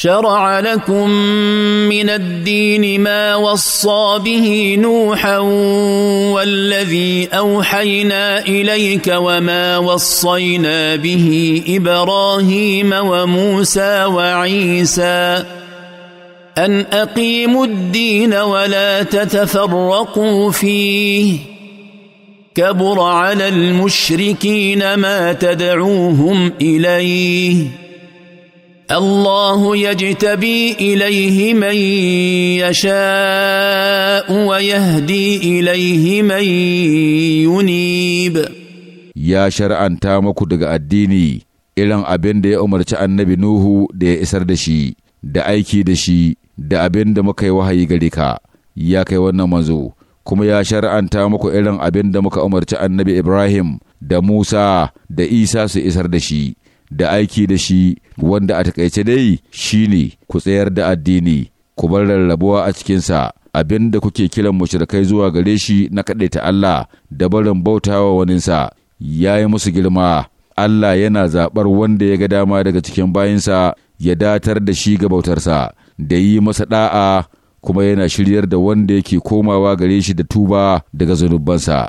شرع لكم من الدين ما وصى به نوحا والذي اوحينا اليك وما وصينا به ابراهيم وموسى وعيسى ان اقيموا الدين ولا تتفرقوا فيه كبر على المشركين ما تدعوهم اليه الله يجتبي اليه من يشاء ويهدي اليه من ينيب ya shar'anta muku daga addini irin abin da ya umarci annabi Nuhu da ya isar da shi, da aiki da shi, da abin da muka yi wahayi gare ya kai wannan manzo, kuma ya shar'anta muku irin abin da muka umarci annabi Ibrahim da Musa da Isa su isar da shi. da aiki da shi wanda a takaice dai shine ku tsayar da addini ku bar rarrabuwa a cikinsa abin da kuke kiran mushrikai zuwa gare shi na kaɗaita Allah da barin bautawa waninsa ya yi musu girma Allah yana zaɓar wanda ya ga dama daga cikin bayinsa ya datar da shi ga bautarsa da yi masa ɗa'a kuma yana shiryar da wanda yake komawa gare shi da tuba daga zunubansa.